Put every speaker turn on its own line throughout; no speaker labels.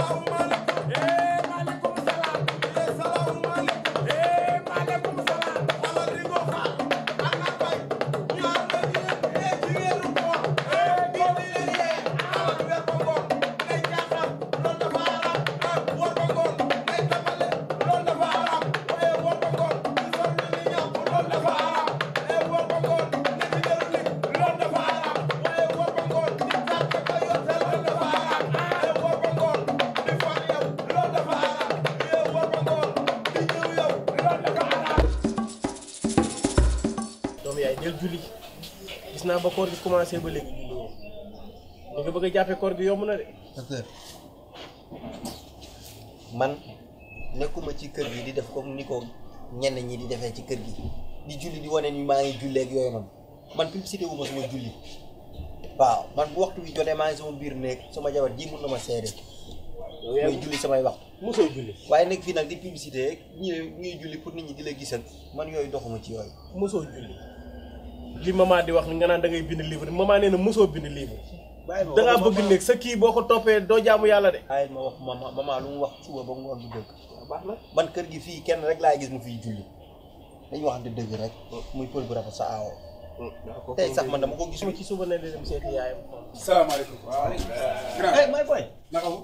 Oh, my naa ba koor gi commencé ba léegi julliwoo li nga a jàppee koor gi yomb na de. docteur man nekkuma ci kër gi di def comme ni ko ñenn ñi di defee ci kër gi di julli di wane ni maa ngi jullee ak yooyu noonu man publicité wu ma sama julli waaw man bu waxtu bi jotee maa ngi sama biir néeg sama jabar ji mun na ma seede. mooy julli samay waxtu. mosoo julli waaye nag fii nag di publicité ñi ñuy julli pour nit ñi di la gisal man yooyu doxuma ci yooyu. mosoo julli. li maman di wax ni nga naan da ngay bind livre maman nee na mosoo bind livre. da ngaa bëgg nekk sa kii boo ko toppee doo jaamu yàlla de. ay ma wax maman maman lu mu wax suba ba ngoon du dëgg. baax na man kër gi fii kenn rek laay gis mu fiy julli dañuy waxante dëgg rek. muy pël bu rafet sa aawo. tey sax man dama ko gis. ci suba nee na dem seeti yaayam.
salaamaaleykum. waaleykum salaam. hey
my boy. naka wu.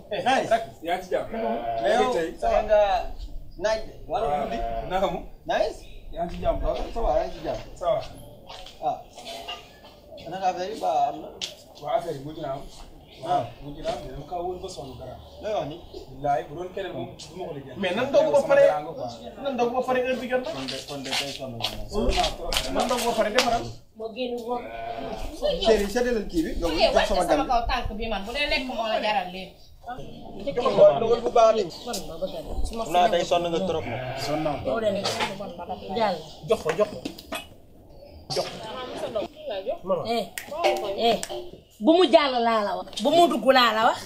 yaa ngi ci nga naaj. wala guddi. naka mu. naaj. yaa ngi ci jàmm. ça va yaa ngi ci waaw ah. naka affaire yi ba am na. waaw affaire yi mujj naa am. waaw ah. ah, mujj naa am mais dama kaa wóor ba sonn dara. lay wax ni. bilaay bu doon keneen moom du ma ko liggéey. mais nan doog ba pare
nan doog ba pare heure
bi jot na. kon de kon de tey sonn na. nan doog ba pare defaral.
moo génn moom. chéri
seede leen kii bi. nga wut jox sama gan bi
kaw tànk bi man bu dee lekk moo la jaral léegi. loolu bu baax lañ. naa
tey sonn nga trop. sonn naa
trop. jox ko jox ko jox ko. Eh. Eh. bu mu jàll laa la bu mu dugg laa la wax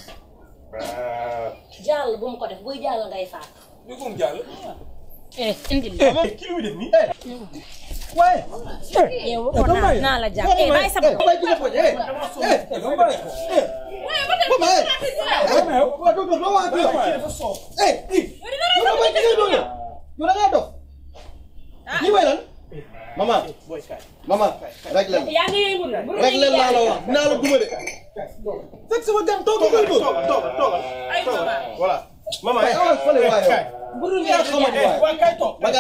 ah. jàll bu mu ko def buy jàll ngay faat ñu ko mu jàll eh, indi li waaye. yow naa naa la jàpp eh bàyyi sa bopp. waaye
ba mama mama rek la wax dinaa duma de fekk sama gan toog a koy dóor toog toog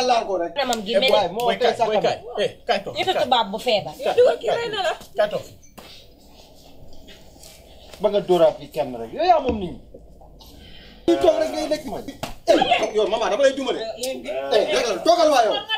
laal ko rek ramam gi mel mo tay sa kam eh kay eh, toog ita bu feebar dugal ki rey
na kenn rek yow moom nit ñi ñu toog rek ngay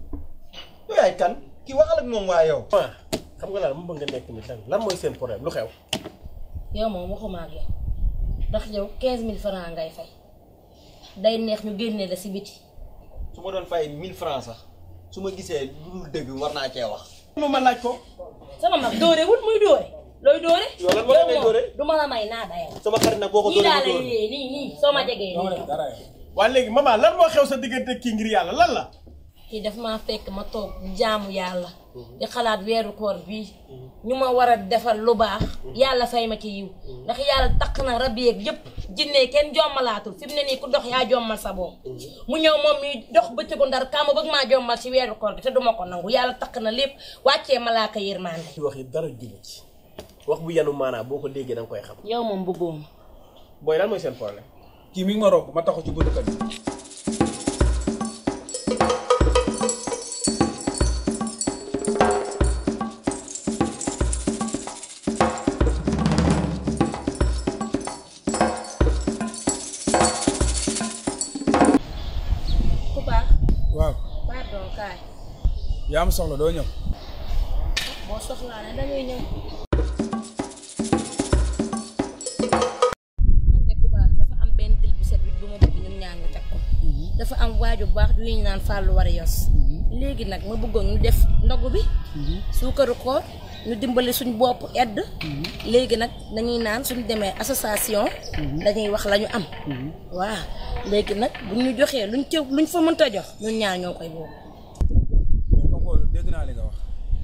yaay kan kii a ak moom waa yow. xam nga daal mu bëgg nga nekk nii lan lan mooy seen problème lu xew.
yow moom waxuma ak yow ndax yow 15000F ngay fay day neex ñu génne la si biti. su ma
doon fay 1000F sax su ma gisee lu dul dëgg war naa cee wax.
ma ma laaj ko. sama mag dóore wul muy dóore. looy dóore. yow lan moo lay dóore du ma la may naa dayal.
sama xarit nag boo ko dóoree ma dóore
nii nii soo ma jegee nii.
waa léegi maman lan moo xew
la. kii daf maa fekk ma toog jaamu yàlla mhm. di xalaat weeru koor bi ñu ma war a defal lu baax mhm. yàlla say ma ci yiw mhm. ndax yàlla takk na rab yeeg yëpp jinne kenn jommalaatul fi mu ne nii ku dox yaa jommal sa boom mu ñëw moom mi dox bëccëgu ndar kaama bëgg maa jommal ci weeru koor bi te duma ko nangu yàlla takk na lépp wàcce malaaka yërmaande
wax yi dara jubu ci wax bu yanu maanaa boo ko déggee danga koy xam
yow moom bëggooma
booy lan mooy seen problème kii mi ma romb
ya am soxla do ñew
boo soxla ne da ngay ñëw. man de ku baax dafa am benn dil bu set bi bu ma bëgg ñun ñaa nga ko. Mhm. dafa am waaju baax li ñu naan fallu war a yos. Mhm. léegi nag ma bëggoon ñu def ndogu bi. Mhm. suukaru ko ñu dimbali suñ bop edd legi nak dañuy naan suñ démé association dañuy wax lañu am wa legi nak bu ñu joxee luñ ci luñ fa mënta jox ñun ñaar ñokay koy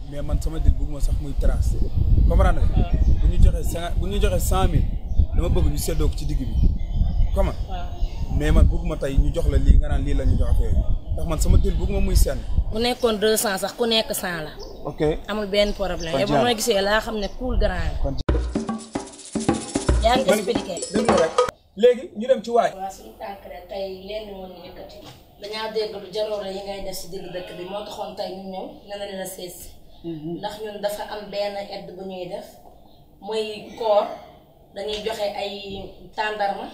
mais man sama dil bëgguma sax muy trace comprendre nga buñu ñu buñu cent 100000 dama bëgg ñu sédok ci digg bi comment mais man bëgguma tay ñu jox la li nga naan li lañu ñu jox ak yooyu
man sama dil bëgguma muy sen bu nekkon 200 sax ku nekk 100 la ok amul ben problème et bu ma gisé la xamné cool grand yaa ngi rek ñu dem ci suñu rek dégg lu yi ngay def dëkk bi ñu ñëw la Mm-hmm. ndax ñun dafa am benn aide bu ñuy def mooy koor dañuy joxe ay tàndarma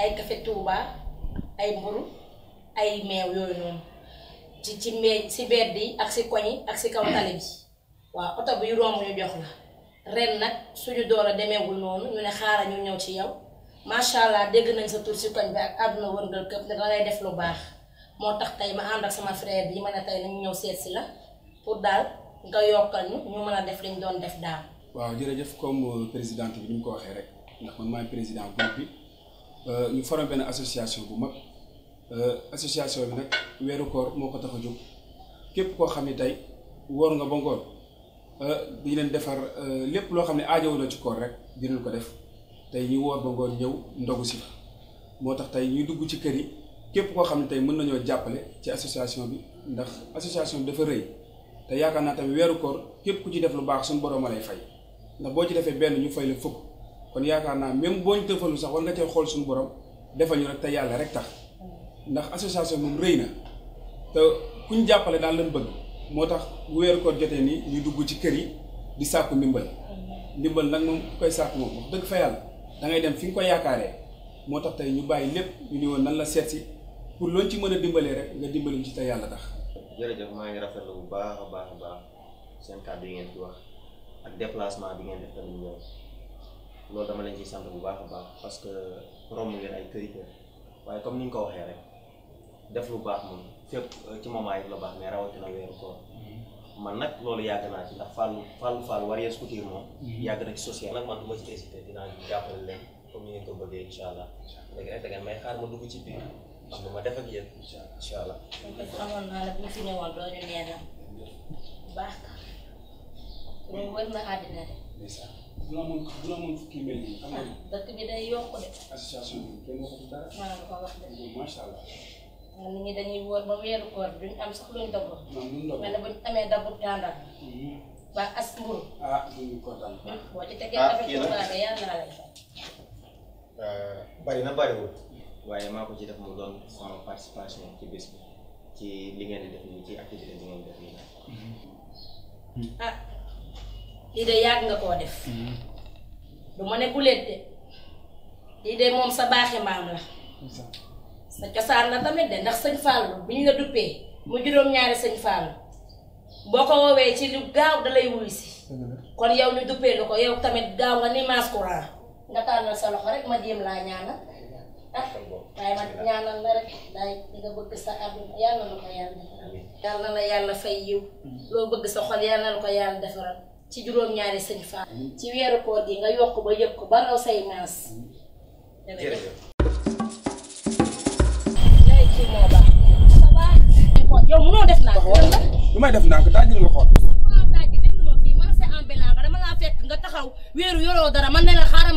ay café Touba ay mburu ay meew yooyu noonu ci ci mbee si bedd yi ak si koñ yi ak si kaw tali bi waaw oto buy romb ñu jox la ren nag suñu door a demeewul noonu ñu ne xaaral ñu ñëw ci yow macha allah dégg nañ sa tur si koñ bi ak àdduna wërngal këpp ne da def lu baax moo tax tey ma ànd ak sama frère bi ma ne tey nañu ñëw seet la pour daal. nga yokkal ñu ñu mën a def liñ doon def daaw.
waaw jërëjëf comme euh, présidente bi ni mu ko waxee rek ndax man maay président groupe bi euh, ñu formé benn association bu mag euh, association bi nag weeru koor moo ko tax jóg képp koo xam ne tey woor nga ba ngoon di leen defar lépp loo xam ne aajowu na ci koor rek dinañ ko def tey ñu woor ba ngoon ñëw ndogu si moo tax tey ñuy dugg ci kër yi képp koo xam ne tey mën nañoo jàppale ci association bi ndax association bi dafa rëy. te yaakaar naa tamit weeru koor képp ku ci def lu baax suñu borom lay fay ndax boo ci defee benn ñu fay la fukk kon yaakaar naa même boo ñu tëfalu sax war nga cee xool suñu borom defal ñu rek te yàlla rek tax ndax association moom rëy na te ku ñu jàppale daal lañ bëgg moo tax weeru koor jotee nii ñu dugg ci kër yi di sàkku ndimbal ndimbal nag moom ku koy sàkku moom wax dëgg fa yàlla da ngay dem fi nga ko yaakaaree moo tax tey ñu bàyyi lépp ñu ni woon nan la seet si pour loolu ci mën a dimbalee rek nga dimbali ci
te yàlla tax jore jom ma ngi rafetlu bu baax a baax a baax seen kàddu yi ngeen di wax ak déplacement bi ngeen def tamit ñëw loolu dama leen ciy sant bu baax a baax parce que romb ngeen ay kër kër waaye comme ni ñu ko waxee rek def lu baax moom fépp ci moment yi la baax mais rawatina weeru ko. man nag loolu yàgg naa ci ndax fàllu fàllu fàllu Warriers Couture moom yàgg na ci social nag man duma ci hésité dinaa jàppale leen comme ni ngeen ko bëggee incha allah léegi rek da ngeen kan may xaar kan, ma dugg ci biir am na ma def ak yéen incha allah.
xamoon naa la bu fi ñëwoon doo ñu na baax na loolu wër na àddina de.
bu la amoon bu la amoon fukki mbéy mi. Ah,
dëkk bi day yokk de. ba weeru koor duñ am sax luñ dagg. mel ne buñ amee dagg tàndal. Mhm. as mburu. ah duñu kontaan. boo ci tegee ah, affaire bi naa la. Euh,
bari na bariwul. waaye maa ko ci hmm. ah, def mu hmm. doon sama participation ci bés bi ci li ngeen di def nii ci activité bi ngeen def nii.
ah lii de yàgg nga koo def. du ma ne ku leet de de moom sa baaxi maam la. sa cosaan la tamit de ndax sëñ Fall bu la duppee mu juróom-ñaari sëñ Fall boo ko ci lu gaaw da lay wuyu kon yow ñu lu ko yow tamit gaaw nga ni courant nga sa loxo rek ma ñaanal waaye man ñaanal na rek daay di nga bëgg sa àdduna yàlla na ko yàlla defaral yàlla na yàlla fay yiw loo bëgg sa xol yàlla na ko yàlla defaral ci juróom-ñaari sëñ Fall ci weeru koor gi ko def naa
lu may def ndànk daajul nga
dama laa fekk nga taxaw weeru yoroo dara man ne la xaaral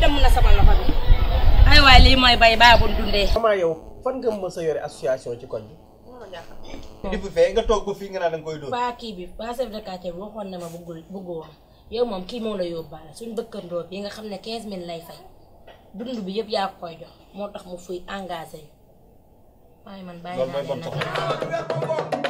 dem na sama loxo bi ay waay lii mooy bay baa bu dundee.
maman yow fan nga mës yore association ci koñ bi. di nga toog fii nga naan da
kii bi waa chef de waxoon na ma bëggu woon yow moom kii moo la yóbbaale suñu bëkkandoo bi nga xam ne 15000 lay fay dund bi yëpp yaa koy jox moo tax mu fuy engagé waaye man bàyyi naa leen